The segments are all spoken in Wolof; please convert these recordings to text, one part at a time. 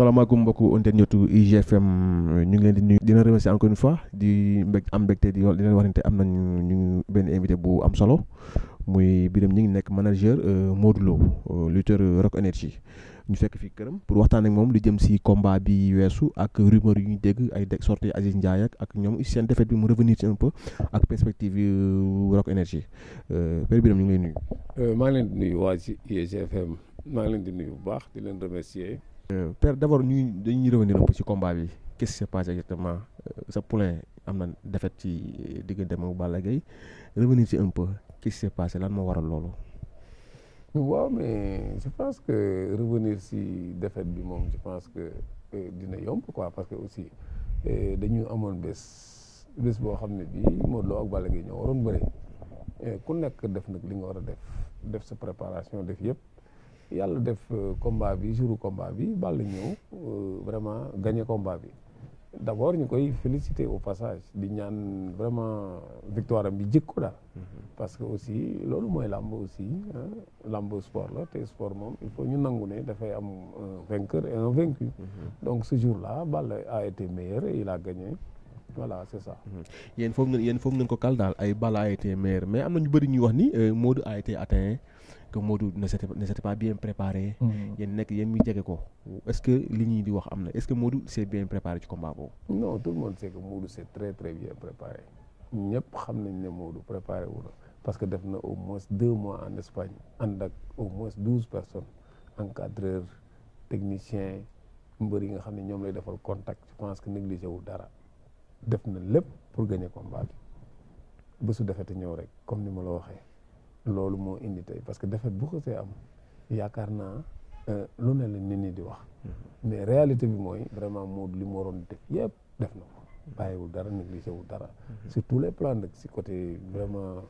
salaamaaleykum mbokku internet ugfm ñu ngi leen di nuyu dina remercier encore une fois di mbég am mbégte di leen wax ne am nañ ñu benn invité bu am solo muy Birame Gningue nekk manager euh, Modou Lo euh, lutteur euh, Rock Énergie ñu fekk fii këram pour waxtaan ak moom lu jëm si combat bi weesu ak rumeur yu ñu dégg ay deg sortie Aziz Ndiaye ak ak ñoom seen défaite bi mu revenir si un peu ak perspective Rock Énergie Père Birame ñu ngi nuyu. maa ngi leen di nuyu waa IGFM maa ngi leen di nuyu bu baax di leen remercier. Euh, père d'abord nous dañuy revenir un peu combat qu'est-ce qui se passe exactement euh, sa poulain a défaite ci euh, revenir un peu qu'est-ce qui s'est passé lan waral mais je pense que revenir la défaite du monde. je pense que dina un quoi parce que aussi de préparation de yalla def euh, combat bi jour combat bi Balle ñëw euh, vraiment gagné combat bi nous abord féliciter au passage di ñaan vraiment victoire bi jikko da mhm. parce que aussi lolu moy lamb aussi hein. lamb sport la te sport mom il faut ñu nangu da fay am un vainqueur et un vaincu. Mhm. donc ce jour là Balle a été meilleur et il a gagné. voilà c'est ça. Il mhm. foog ngeen yéen foog ngeen ko kal dal ay ball a été meilleur mais am na ñu bari ñu wax ni euh, mode a été atteint que Modou ne s'était pas bien préparé. Mm-hmm. y a est-ce que est-ce que Modou s'est bien préparé du combat non tout le monde sait que Modou s'est très très bien préparé Il xam a pas Modou préparé parce que y a au moins deux mois en Espagne ànd au moins douze personnes encadreurs techniciens ils ont nga xam ne lay contact je pense que négligé wu dara def fait tout pour gagner le combat Ils ont fait tout rek comme ni ma loolu moo indi tey parce que defet bu see am yaakaar naa euh, lu ne la nit ñi di wax mm-hmm. mais réalité bi mooy vraiment Modou li mu waroon def yëpp def na ko bàyyiwul dara négligé wul dara mm-hmm. sur tous les plans nag si côté vraiment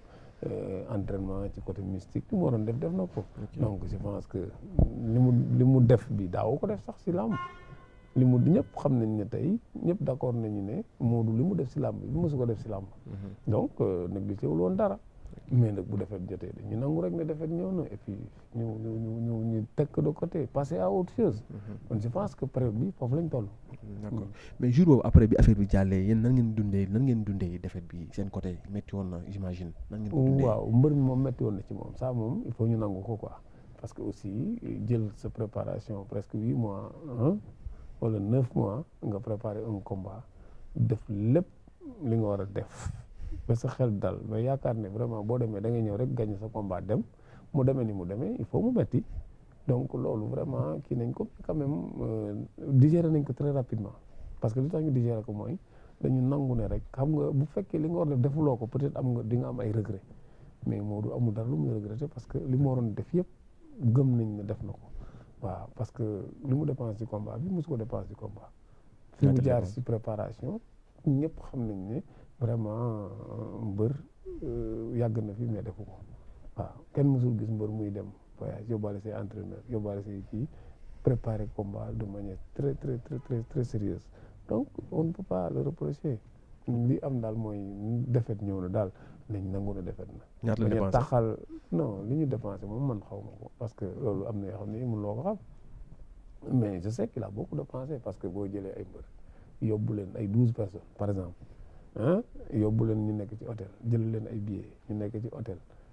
euh, entraînement ci côté mystique li mu waroon def def na ko donc je pense que li mu li mu def bi daaw ko def sax si làmb li mu ñëpp xam nañ ne tey ñëpp d' accord nañu ne Modou li mu def si làmb bi mosu ko def si làmb mm-hmm. donc euh, négligé wul woon dara mais nag bu defet jotee dañu nangu rek na defet ñëw na et puis ñu ñu ñu ñu tekk de côté passer à autre chose. kon mm-hmm. je pense que période bi foofu lañ toll. d'accord mais jour boobu après bi affaire bi jàllee yéen nan ngeen dundee nan ngeen dundee defet bi seen coté métti woon na j'imagine. nan ngeen dundee waaw mbër mi moom métti woon na ci moom ça moom il faut ñu nangu ko quoi parce que aussi jël sa préparation presque huit mois walla wala neuf mois nga préparer un combat def lépp li nga war a def. ba sa xel dal ba yaakaar ne vraiment boo demee da nga ñëw rek gagné sa combat dem ni mu demee faut mu metti donc loolu vraiment kii nañ ko quand même euh, digérer nañ ko très rapidement parce que li tax ñu digérer ko mooy dañu nangu ne rek xam nga bu fekkee li nga war defuloo ko peut-être am nga di am ay regret mais Modou amul dara lu muy parce que li mu waroon def yëpp gëm nañ ne def na ko waaw parce que li mu dépense ci combat bi mosu ko dépense ci combat fi mu jaar si préparation ñëpp xam nañ ne vraiment euh, mbër euh, yàgg na fi mais defu ko waaw kenn mësul gis mbër muy dem voyage yóbbaale say entraîneur yóbbaale say kii préparer combat de manière très très très très très sérieuse donc on ne peut pas reprocher li am daal mooy defet ñëw na daal nañ nangu na defet na. ñaata la dépensé taxal li ñu dépensé moom man xaw ma ko parce que loolu am na yoo xam ne mënuloo ko xam mais je sais qu'il a beaucoup dépensé parce que boo jëlee ay mbër yóbbu leen ay douze personnes par exemple. ah yóbbu leen ñu nekk ci hôtel jël leen ay billets ñu nekk ci hôtel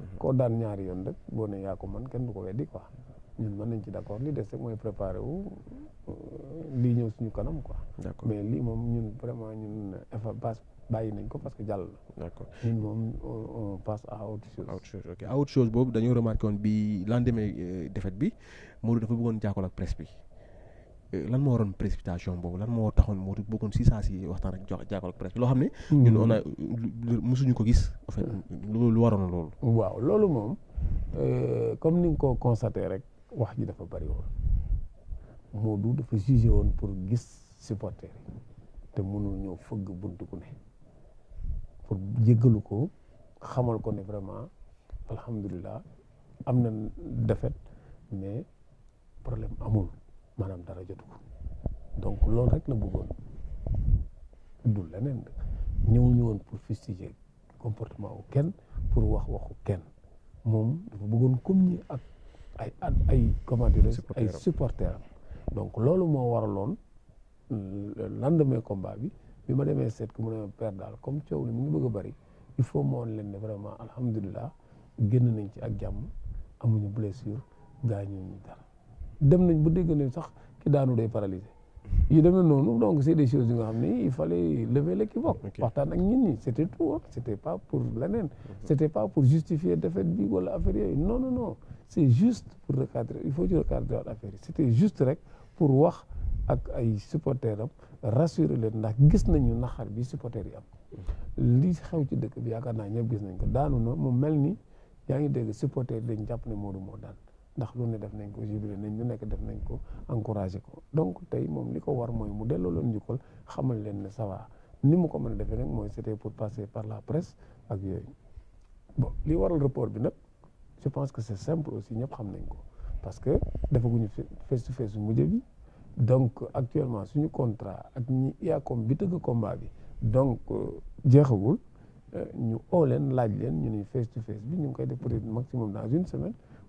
Mhm. koo daan ñaari yoon rek boo ne yaa ko man kenn du ko weddi quoi ñun mën nañ ci d' accord des rek mooy préparé wu euh, lii ñëw suñu kanam quoi mais lii moom ñun vraiment ñun effort bàyyi nañ ko parce que jàll na. d' accord ñun moom on a à autre chose. autre chose ok à autre chose boobu dañoo remarqué woon bi lendemain euh, défaite bi Modou dafa bëggoon jàkkaarloo ak presse bi. Euh, lan moo waroon précipitation boobu lan moo taxoon moo bëggoon si saa si waxtaan ak jox jàkkaarloog presse loo xam ne. Mm-hmm. ñun on a mosuñu ko gis. en fait lu waroon loolu. waaw loolu moom euh, comme ni nga ko constaté rek wax ji dafa bari woon Modou dafa jugé woon pour gis supporter te mënul ñëw fëgg buntu ku ne pour jéggalu ko xamal ko ne vraiment alhamdulilah am na defet mais problème amul. maanaam dara jotu ko donc loolu rek la bëggoon du leneen ñëw ñu woon pour fustiger comportement wu kenn pour wax waxu kenn moom dafa bëggoon comme communier ak ay at ay comment dirais ay supporter am donc loolu moo waraloon euh, lendemain combat bi bi ma demee seet ku mu ne père daal comme coow li mu ngi bëgg a bëri il faut moon leen ne vraiment alhamdulilah génn nañ ci ak jàmm amuñu blessure gaañuñu dara dem nañ ba dégg nañ sax ki daanu day paralysé yi demee noonu donc c' est des choses yi nga xam ne il fallait lever l' équivoque waxtaan ak nit ñi c' était tout hein. c' était pas pour leneen mhm. c' était pas pour justifier défaite bi wala affaire yooyu non non non c' est juste pour recadrer il faut ci recadrer waat affaire yi c' était juste rek pour wax ak ay supporters am rassurer leen ndax gis nañu naxar bi supporters yi am li xew ci dëkk bi yaakaar naa ñëpp gis nañ ko daanu na mu mel ni yaa ngi dégg supporters dañ jàpp ne Modou moo daan ndax lu ne def nañ ko jubilé nañ lu nekk def nañ ko encouragé ko donc tey moom li ko war mooy mu delloo leen njukkal xamal leen ne ça va ni mu ko mën a defee nag mooy c'était pour passer par la presse ak yooyu bon li waral report bi nag je pense que c'est simple aussi ñëpp xam nañ ko parce que defaguñu face to face mujj bi donc actuellement suñu contrat ak ñi IACOM bi tëgg combat bi donc euh, jeexagul euh, ñu oo leen laaj leen ñu ne face to face bi ñu ngi koy def peut-être maximum dans une semaine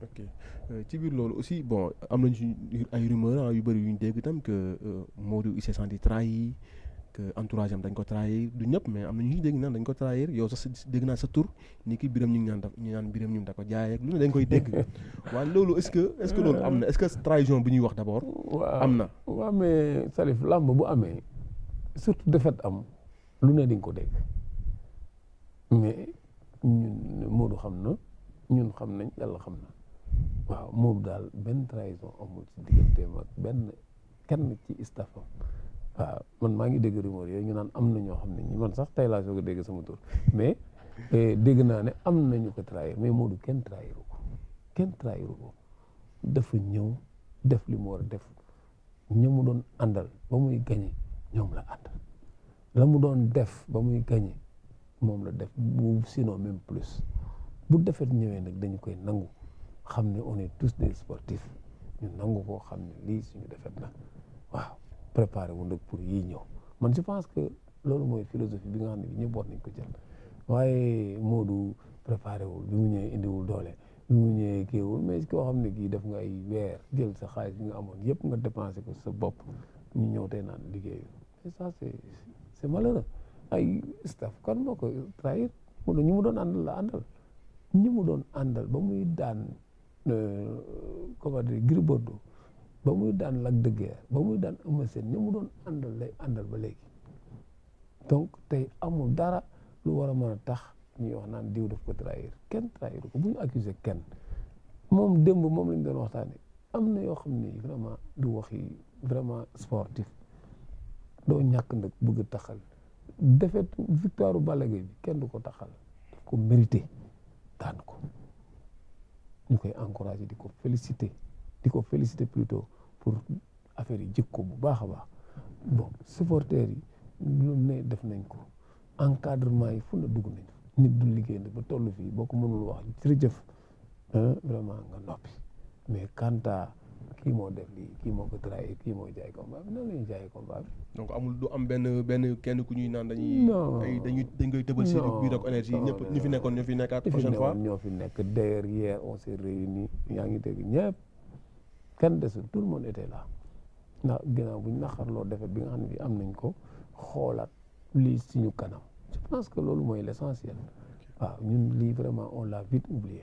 ok euh, ci biir loolu aussi bon am nañu ay rumeur ah, yu bëri yu ñu dégg tam que euh, Modou il s'est senti trahi que entourage am dañ ko trahir du ñëpp mais am na ñu dégg naan dañ ko trahir yow sax dégg naa sa tur ni ki biram ñu ngi naan ñu naan biram ñu ngi da ko jaay ak lu ne dañ koy dégg waaye loolu est-ce que est-ce que loolu am na est-ce que trahison bi ñuy wax d'abord. am na waaw mais Salif làmb bu amee surtout défaite am lu ne dañ ko dégg mais ñun Modou xam na. ñun xam nañ yàlla xam na waaw moom daal benn trahison amul ci digganteem ak benn kenn ci istafam waaw man maa ngi dégg rumeur yooyu ñu naan am na ñoo xam ne ñi man sax tey laa dégg sama mais eh, dégg naa ne am na ñu ko trahir mais Modou kenn trahiru ko kenn trahiru ñëw def li mu war a def ña mu doon àndal ba muy gañe ñoom la àndal la mu doon def ba muy gañe moom la def bu sinon même plus bu defet ñëwee nag dañu koy nangu xam ne on est tous des sportifs ñu nangu koo xam ne lii suñu defet la waaw préparé wu nag pour yii ñëw man je pense que loolu mooy philosophie bi nga xam ne bi ñëpp war nañ ko jël waaye Modou préparé wul bi mu ñëwee indiwul doole bi mu ñëwee kiiwul mais koo xam ne kii def nga ay weer jël sa xaalis bi nga amoon yëpp nga dépensé ko sa bopp ñu ñëw tey naan liggéeyu et ça c'est ay staff kan moo ko trahir Modou ñu mu doon àndal la àndal ñi mu doon àndal ba muy daan euh, comment dire Gris Bordeaux ba muy daan lag de ba muy daan Eumeu Sène ñi mu doon àndal lay àndal ba léegi donc tey amul dara lu war a mën a tax ñuy wax naan diw daf ko trahir kenn trahir ko bu ñu accuser kenn moom démb moom lañ doon waxtaanee am na yoo xam ne vraiment du wax yi vraiment sportif doo ñàkk nag bëgg taxal défaite victoire u Balla bi kenn du ko taxal daf ko daan ko ñu koy encouragé di ko félicité di ko félicité plutôt pour affaire yi jikko bu baax a baax bon supporters yi lu ne def nañ ko encadrement yi fu na dugg nañ nit du liggéey ba toll fii boo ko mënul wax jërëjëf vraiment nga noppi mais quant kii moo def lii kii moo ko trahir kii moo jaay combat bi noonu la ñuy jaayee combat bi. donc amul du am benn benn kenn ku ñuy naan dañuy. non ay dañuy dañ koy tëbal si biir ak énergie ñu fi nekkoon ñoo fi nekkaat. prochaine fois ñoo fi nekk d'ailleurs hier on s'est réunis yaa ngi dégg ñëpp kenn desul tout le monde était là ndax ginnaaw bu ñu naqarloo defet bi nga xam ne bi am nañ ko xoolaat lii suñu kanam je pense que loolu mooy l'essentiel waaw ñun lii vraiment on l'a vite oublié.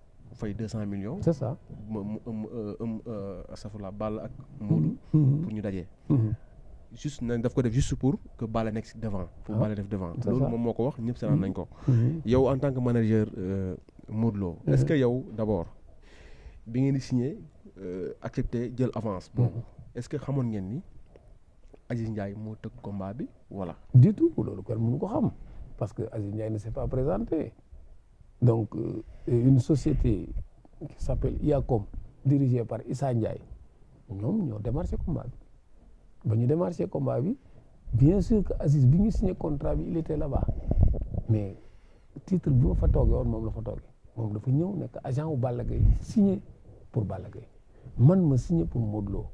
faut 200 millions. c'est ça Ça euh, faut mm-hmm. mm-hmm. pour nous mm-hmm. juste n'a juste pour que balle devant. pour ah. balle devant. en tant que manager euh, est-ce que yow d'abord bi ngeen signé euh, accepté jël est-ce que vous ngeen Aziz Ndiaye combat voilà. du tout parce que Aziz ne s'est pas présenté. Donc, euh, une société qui s'appelle IACOM, dirigée par Issa Ndiaye, nous avons démarché combat Quand nous démarré démarché combat bien sûr qu'Aziz, Aziz bi ñu signé contrat il était là-bas mais le titre est ma fa toogee woon moom la fa agent de signé pour le Gaye man signé pour Modlo.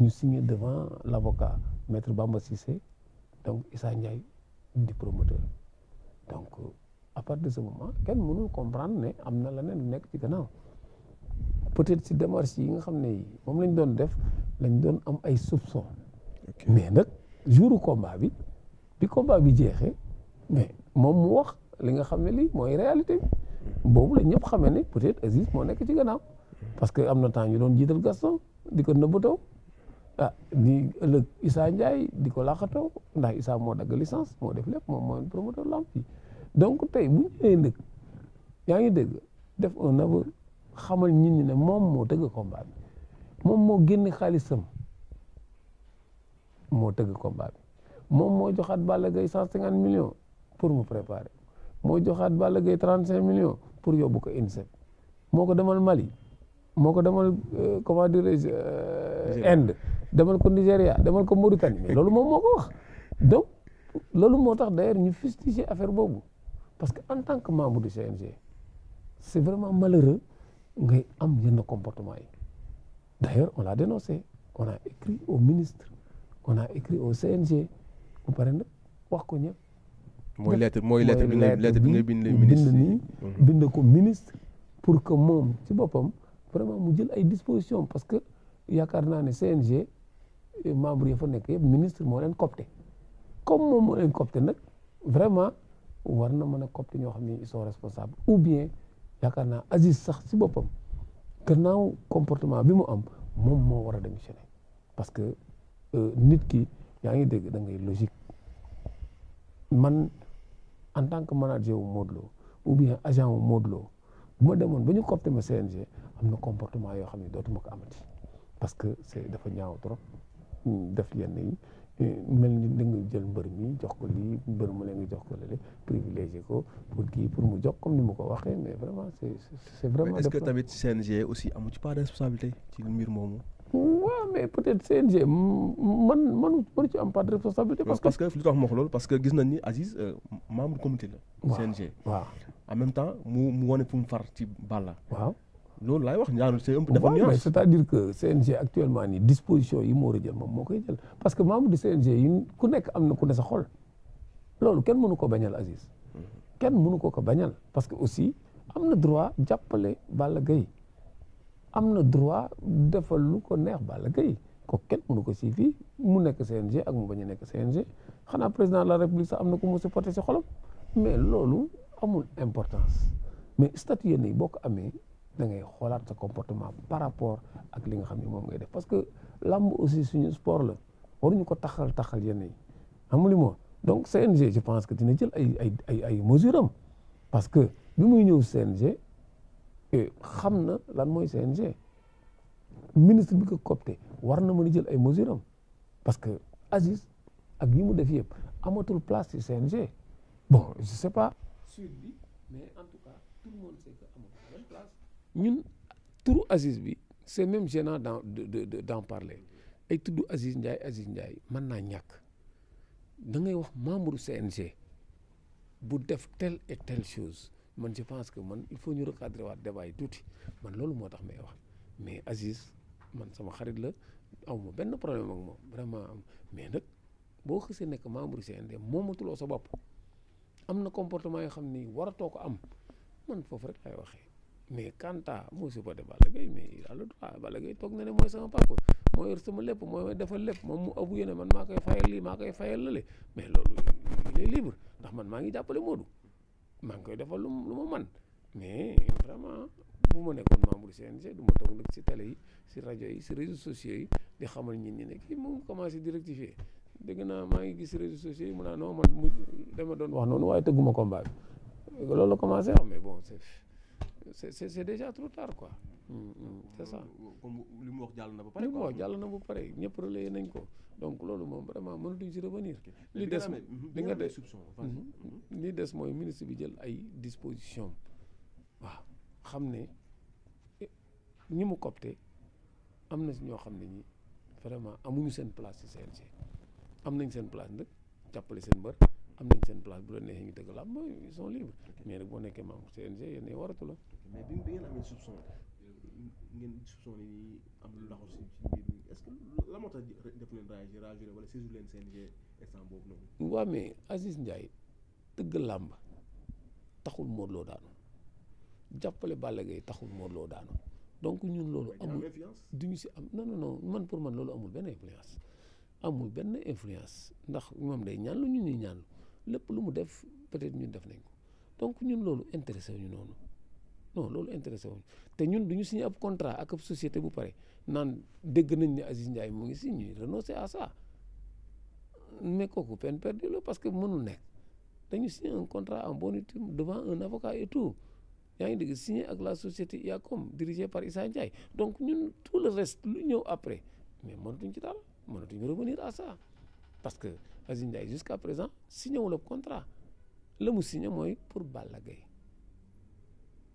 Nous ñu signé devant l'avocat, maître Bamba Sissé, donc Issa Ndiaye du promoteur donc. Euh, à partir de ce moment kenn mënul comprendre ne am na leneen lu nekk ci gana peut-être si démarche yi nga xam ne moom lañ doon def lañ doon am ay soupçon mais nag jouru combat bi bi combat bi jeexe mais moom mu wax li nga xam ne lii mooy réalité boobu la ñëpp xamee ne peut-être Aziz moo nekk ci gannaaw parce que am na temps ñu doon jiital Gaston di ko nëbbatoo a ah, di ëllëg Issa Ndiaye di ko laaxatoo ndax Issa moo dagg licence moo def lépp moom mooy promoteur lamp yi donc tay bu ñëwee nag ya ngi dégg def un aveu xamal nit ñi né mom mo tëgg combat bi moom moo génne xaalisam moo tëgg combat bi moom moo joxaat Balla Gaye cent millions pour mu préparer mo joxat balle gay 35 millions pour yobbu ko INSEP moko demal Mali moko demal euh, comment dire je euh, Inde demal ko Nigeria demal ko Mauritanie lolu mom moko wax donc lolu motax d'ailleurs ñu fustiger affaire bobu parce que en tant que membre du CNG c'est vraiment malheureux ngay am yenn comportement d'ailleurs on l'a dénoncé on a écrit au ministre on a écrit au CNG Vous parlez de wax ko ñëpp. mooy lettre mooy lettre a lettre bi nga le ministre ministre pour que mon, ci boppam vraiment mu jël ay dispositions parce que yaakaar naa ne CNG membre yi fa nekk ministre est leen copté comme mon moo leen copté vraiment. war na mën a copte ñoo xamni ne ils sont responsables ou bien yaakaar naa Aziz sax ci bopam gannaaw comportement bi mu am moom moo war a démissionné parce que euh, nit ki yaa ngi dégg da ngay logique man en tant que manager wu Modou ou bien agent wu Modou bu ma demoon ba ñu copte ma CNG am na comportement yoo xam ne dootuma ko amati parce que c' est dafa ñaaw trop def yenn yi mel ni da nga jël mbër mi jox ko lii mbër mu leen nga jox ko lale privilégié ko pour kii pour mu jox comme ni mu ko waxee mais vraiment c' vraiment. mais est ce que tamit CNG aussi amu ci part de responsabilité ci mbir moomu. waaw mais peut-être CNG man man mënu ci am part de responsabilité. parce que parce que li tax ma loolu parce que gis na ni Aziz euh, membre comité la. CNG waaw en même temps mu mu wane fu mu far ci Balla. waaw non lay wax ñaanu c'est un peu dafa nuance c'est-à-dire que CNG actuellement ni disposition yi mo war jël mom mokay jël parce que membre du CNG yi ku nek am ku ne sa xol lolu kenn mënu ko bañal Aziz kenn mënu ko ko bañal parce que aussi am droit jappalé Balla gay am droit defal lu ko neex Balla gay ko kenn mënu ko sifi mu nek CNG ak mu baña nek CNG xana président de la république sa am na ko mu supporté ci xolam mais lolu amul importance mais statut yene bok amé da ngay xoolaat sa comportement par rapport ak li nga xamni mom ngay def parce que lamb aussi suñu sport la waruñu ko taxal taxal yene yi xam li moo donc CNG je pense que dina jël ay ay ay ay mesure am parce que bi muy ñew CNG et eh, xamna lan moy CNG ministre bi ko copté war na mën jël ay mesure am parce que Aziz ak yi mu def yépp amatul place ci CNG bon je sais pas. sud bi mais en tout cas tout le monde sait que amatul place. ñun turu Aziz bi c'est même gênant d'en de de d'en parler ay tudd Aziz Ndiaye Aziz Ndiaye mën naa ñàkk da ngay wax membre CNG bu def telle et telle chose man je pense que man il faut ñu recadrer waat débat yi tuuti man loolu moo tax may wax mais Aziz man sama xarit la aw ben benn problème ak moom vraiment am mais nag boo xësee nekk membre CNG moomatuloo sa bopp am na comportement yoo xam ni waratoo ko am man foofu rek lay waxee. mais Kanta moo supporté Balla Gaye mais il a le toog na ne mooy sama papa moo yor sama lépp mooy defal lépp moom mu abu man maa koy fayal lii maa koy fayal lale mais loolu il est libre ndax man maa ngi jàppale Modou maa ngi koy defal lu lu ma man mais vraiment bu ma nekkoon membre CNG du ma toog nag si télé yi si rajo yi si réseaux sociaux yi di xamal ñit ñi ne kii mu commencé di rectifier dégg naa maa ngi gis réseaux sociaux yi mu naa non man mu dama doon wax noonu waaye tëgguma combat bi loolu la commencé wax mais bon c'est c'est déjà trop tard quoi. Mm, mm. c'est ça li mu wax jàll na ba pare. li mu wax jàll na ba pare ñëpp relayé nañ ko donc loolu moom vraiment mënatuñ si revenir. li des li nga des mhm. mhm. li des mooy ministre bi jël ay disposition waa xam ne eh, ñi mu copte am na si ñoo xam ne ñi vraiment amuñu seen place ci CNG am nañ seen place nag jàppale seen mbër am nañ seen place bu la neexee ñu dëgg la am ils sont mais nag boo nekkee membre CNG yéen waratu la. mais bi bi ngeen amee soupçon ngeen soupçon ni am lu est-ce la moo tax def leen wala saisir leen CNG instant boobu noonu. waaw mais Aziz Ndiaye tëgg làmb taxul Modou Lo daanu jàppale Balla Gaye taxul Modou Lo daanu donc ñun loolu. amul duñu si am non non man pour man loolu amul benn influence. amul benn influence ndax moom day ñaan lu ñu ñuy ñaan lépp lu mu def peut-être ñun def nañ ko donc ñun loolu intéressé wu ñu noonu. non loolu intéressé wuñ te ñun duñu signé ab contrat ak ab société bu pare naan dégg nañ ne Aziz Ndiaye mu ngi si ñuy renoncer à ça mais kooku peine perdue la parce que mënul nekk dañu signé un contrat en bonne et devant un avocat et tout yaa ngi dégg signé ak la société IACOM dirigée par Issa Ndiaye donc ñun tout le reste lu ñëw après mais mënatuñ ci dara mënatuñ revenir à ça parce que Aziz Ndiaye jusqu'à présent signé wu la contrat la mu signé mooy pour Balla Gaye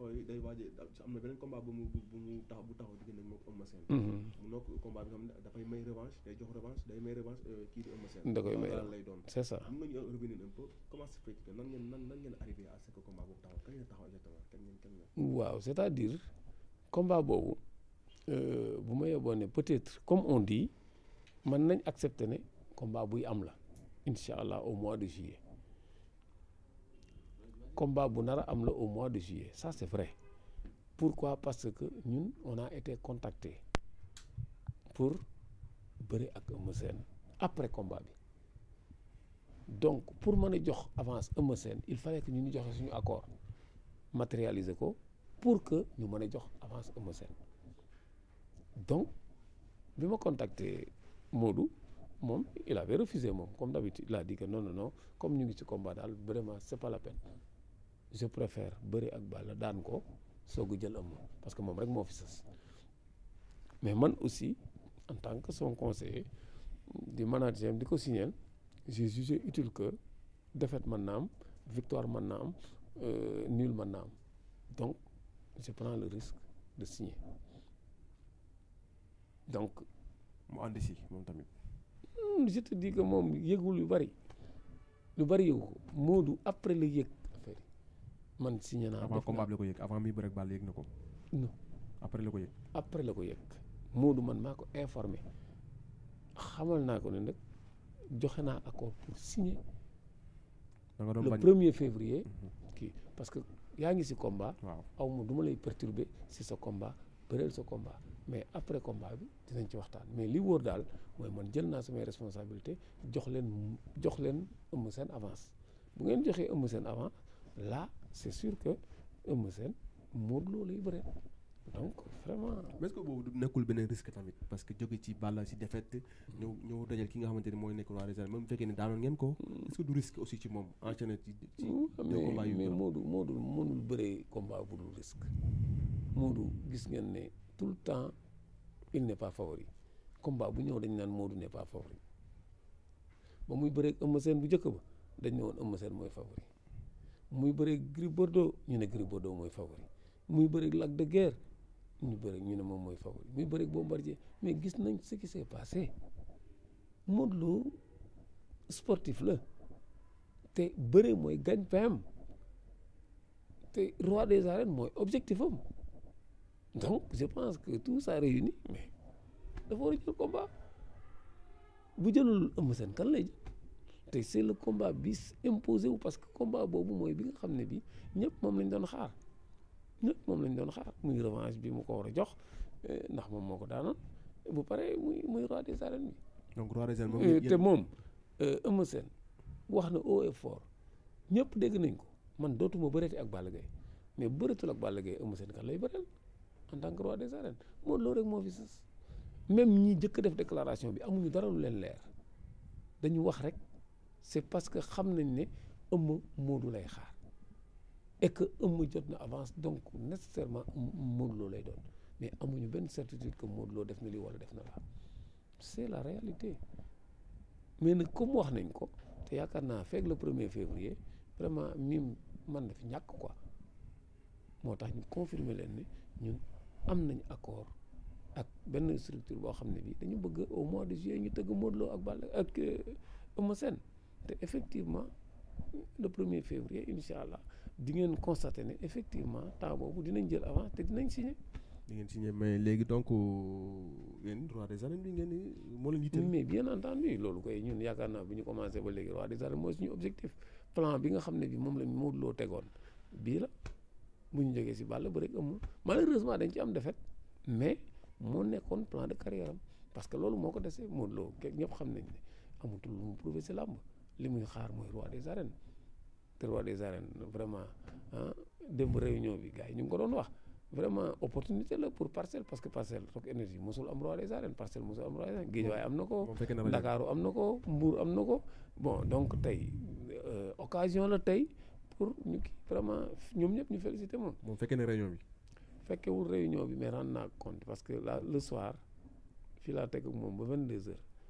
fooy day waaj am na beneen combat bu mu bu mu tax bu taxaw diggante moom am Sène. Mhm. mu nekk combat bi nga da fay may revanche day jox revanche day may revanche euh, ki di am Sène. da koy may lay doon c'est ça. mën ñu revenir un peu comment ça fait que nan ngeen nan nan ngeen arrivé à ce combat bu taxaw kañ la taxaw exactement kañ ngeen kañ waaw c'est-à-dire combat bobu euh bu ma yobone peut-être comme on dit man nañ accepter ne combat bu am la inshallah au mois de juillet combat au mois de juillet ça c'est vrai pourquoi parce que nous, on a été contacté pour bëri ak Eumeu après combat donc pour manager avance il fallait que nous nous joxe suñu accord matérialisé pour que nous mën avance donc je ma contacté Modou il avait refusé comme d'habitude il a dit que non non non comme nous sommes ci combat vraiment, vraiment c'est pas la peine je préfère bëri ak Balla daan ko soog parce que moom rek moo fi sës mais man aussi en tant que son conseiller di manager di ko signer j'ai jugé utile que défaite mën victoire mën na euh, nul mën donc je prends le risque de signer donc. mu ànd si moom tamit. Hmm, je te dis que moom yëgul lu bari lu bari yëgu ko Modou après le yëg man signé avant après le ko après signer. le 1er février. Mhm. parce que je combat. waaw ce perturber ce combat ce ce combat mais après combat bi dinañ ci mais li wor dal man jël responsabilité jox len jox len un avance bu ngeen là c'est sûr que Eumeu Sène Modou lay bëre donc vraiment. mais est-ce que boobu nekkul beneen risque tamit parce que jóge ci Balla si défaite ñeu ñeu dajal ki nga xamanteni moy mooy wa réserve même bu fekkee ne daanoon ngeen ko. est-ce que du risque aussi ci mom enchaîner ci ci. deux combats yu mais Modou Modou mënul bëree combat bu dul risque Modou gis ngeen né tout le temps il n'est pas favori combat bu ñeu dañ naan Modou n'est pas favori ba muy bëreeg Eumeu Sène bu njëkk ba dañ ne woon moy favori. muy bëreeg Gris Bordeaux ñu ne Gris Bordeaux mooy favori muy bëreeg Lac de Guiers ñu bëreeg ñu ne moom mooy favori muy bëreeg Bombardier mais gis nañ ce qui s'est passé Modou Lo sportif la te bëre mooy gagne-pain te roi des arènes mooy objectif am donc je pense que tout ça réuni mais dafa war a jël combat bu jëlul Eumeu Sène kan lay jël te c'est le combat bi imposé wu parce que combat boobu mooy bi nga xam ne bi ñëpp moom lañ doon xaar moom lañ doon xaar muy revanche bi mu ko war a jox eh, ndax moom moo ko daanoon bu paree muy muy roi des arènes bi. donc roi moom eh, te moom eh, Eumeu wax na haut et fort ñëpp dégg nañ ko man dootuma bëreeti ak Balla mais bëreetul ak Balla Gaye Eumeu Sène kan lay bëreel en tant que roi des moom loolu rek moo fi sës même ñi jëkk def déclaration bi amuñu dara lu leen leer dañu wax rek. c'est parce que xam nañ ne ëmm Modou lay xaar et que ëmm jot na avance donc nécessairement Modou Lo lay doon mais amuñu benn certitude que Modou Lo def na lii wala def na laa c'est la réalité mais nag comme wax nañ ko te yaakaar naa feeg le premier février vraiment mim man na fi ñàkk quoi moo tax ñu confirmer leen ne ñun am nañ accord ak benn structure boo xam ne bii dañu bëgg au mois de juillet ñu tëgg Modou Lo ak Balla ak euh, Eumeu Sène te effectivement le premier février Inch'Allah, di ngeen constater ne effectivement temps boobu dinañ jël avant te dinañ signé. di ngeen signé mais léegi donc euh, yéen roi des arènes bi ngeen di moo leen yitteel. mais bien entendu loolu koy ñun yaakaar naa bu ñu commencé ba léegi roi des arènes mooy suñu objectif plan bi nga xam ne bi moom la Modou Lo tegoon bii la bu ñu jógee si Balla ba rek amul malheureusement dañ ci am défaite mais moo nekkoon plan de carrière am parce que loolu moo ko dese Modou Lo ñëpp xam nañ ne amatul lu mu prouvé si làmb limuy xaar mooy roi des arènes te roi des arènes vraiment ah démb réunion bi gars yi ñu ngi ko doon wax vraiment opportunité la pour parcelle parce que parcelle Rock Énergie mosul am roi des arènes parcelle mosul am roi des arènes Guédiawaye am na ko Ndakaaru am na ko Mbour am na ko bon donc tey euh, occasion la tey pour ñu kii vraiment ñoom ñëpp ñu félicité moom moom fekkee ne réunion bi fekkewul réunion bi mais rendre naa compte parce que là le soir fii laa teg ak moom ba vingt deux heures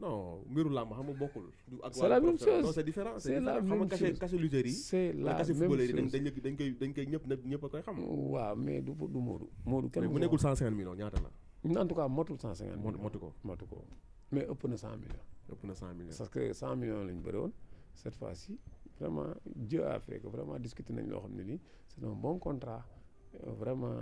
non mbiru làmb xam nga bokkul. c'est la même chose non c'est différent c'est la même chose xam nga kase c'est koy a koy xam. waaw mais du du Modou. Modou ñaata la. en tout cas motul 150. motu ko motu ko mais ëpp na 100 millions. ëpp na 100 woon cette fois-ci vraiment Dieu a fait vraiment discuter nañ loo xam ne lii c'est un bon contrat. vraiment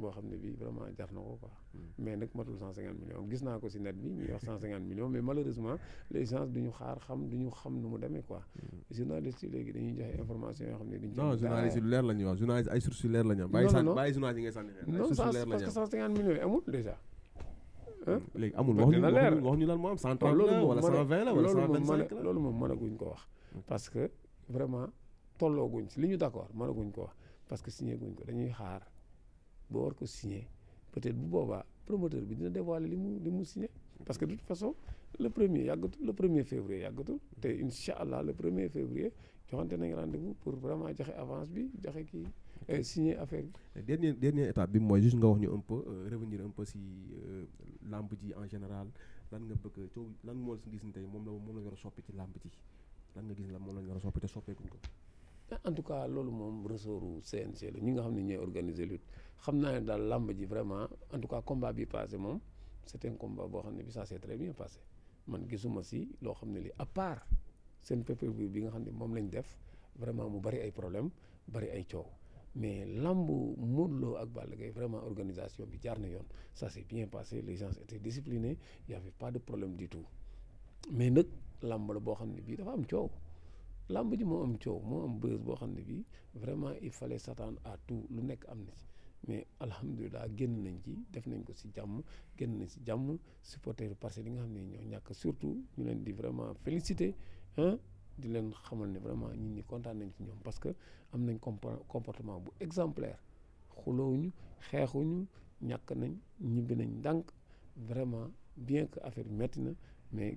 boo xam ne bii vraiment jar na ko quoi. Hmm. mais nag matul cent cinquante millions gis naa ko si net bi ñuy wax cent cinquante millions mais malheureusement les gens du xaar xam du ñu xam nu mu demee quoi. Hmm. journaliste yi léegi dañuy joxe information yoo xam ne duñ. non journaliste yu leer la ñuy wax journaliste ay sources yu ñu la hmm. ñu am non amul wax ñu wax ñu cent trente la wala cent vingt la loolu moom mënaguñ ko wax parce que vraiment tollooguñ si li ñu d'accord mënaguñ ko wax parce que signé guñ ko dañuy xaar boo war ko signé peut-être bu boobaa promoteur bi dina dévoiler li mu li mu signé. parce que de toute façon le premier yàggatul le première février yàggatul te incha allah le premier février joxante nañu rendez-vous pour vraiment joxe avance bi joxe kii euh, signer affaire bi. dernière dernière étape bi mooy juste nga wax ñu un peu euh, revenir un peu si euh, làmb ji en général lan nga bëgg coow lan moo gis ni tey moom la moom la ñu a soppi ci làmb ji lan nga gis la moom la ñu war a soppi ko. Eh, en tout cas loolu moom ressortu CNG la ñi nga xam ne ñooy organiser lutte xam naa ne daal làmb ji vraiment en tout cas combat bi passé moom c'est un combat boo xam ne bi ça s'est très bien passé man gisuma si loo xam ne li à part seen pay bi nga xam ne moom lañ def vraiment mu bari ay problème bari ay coow mais làmb Modou ak Balla vraiment organisation bi jaar na yoon ça s'est bien passé les gens étaient disciplinés il y avait pas de problème du tout mais nag làmb la boo xam ne bii dafa am coow. Lambda, ji moo am am vraiment il fallait s'attendre à tout lu mais alhamdulilah génn parce que nga surtout ñu vraiment féliciter hein, vraiment nañ ci parce que am nañ comportement bu exemplaire xeexuñu ñàkk nañ ñibbi nañ vraiment bien que affaire mais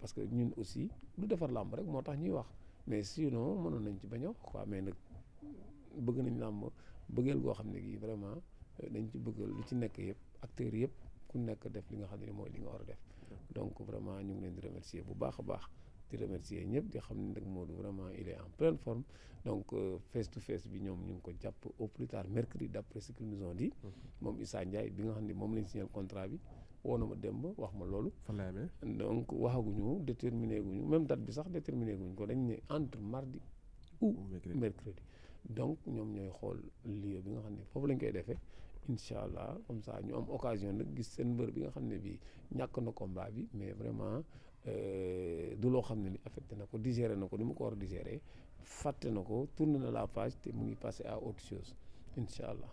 parce que ñun aussi lu defar làmb rek moo tax ñuy wax mais sinon mënoon nañu ci bañ a wax quoi nag bëgg nañ làmb bëggeel goo xam ne gii vraiment dañ ci bëgg lu ci nekk yëpp acteurs yëpp ku nekk def li nga xam ne mooy li nga war a def donc vraiment ñu ngi leen di remercier bu baax a baax di remercier di xam ne nag Modou vraiment il est en pleine forme donc euh, face to face bi ñoom ñu ko jàpp au plus tard mercredi d'après ce qu'ils nous ont dit moom Issa Ndiaye bi nga xam ne moom lañ signé contrat bi woonu dem démb wax ma loolu. donc waxaguñu déterminé guñu même date bi sax déterminer guñu ko dañ ne entre mardi ou mercredi. donc ñoom ñooy xool lieu bi nga xam ne foofu lañ koy defee incha allah comme ça ñu am occasion nag gis seen mbër bi nga xam ne bii ñàkk na ko mbaa bi mais vraiment euh, du loo xam ne li affecté na ko digéré na ko ni mu ko war a fàtte na ko tourné na la page te mu ngi passé à autre chose incha allah.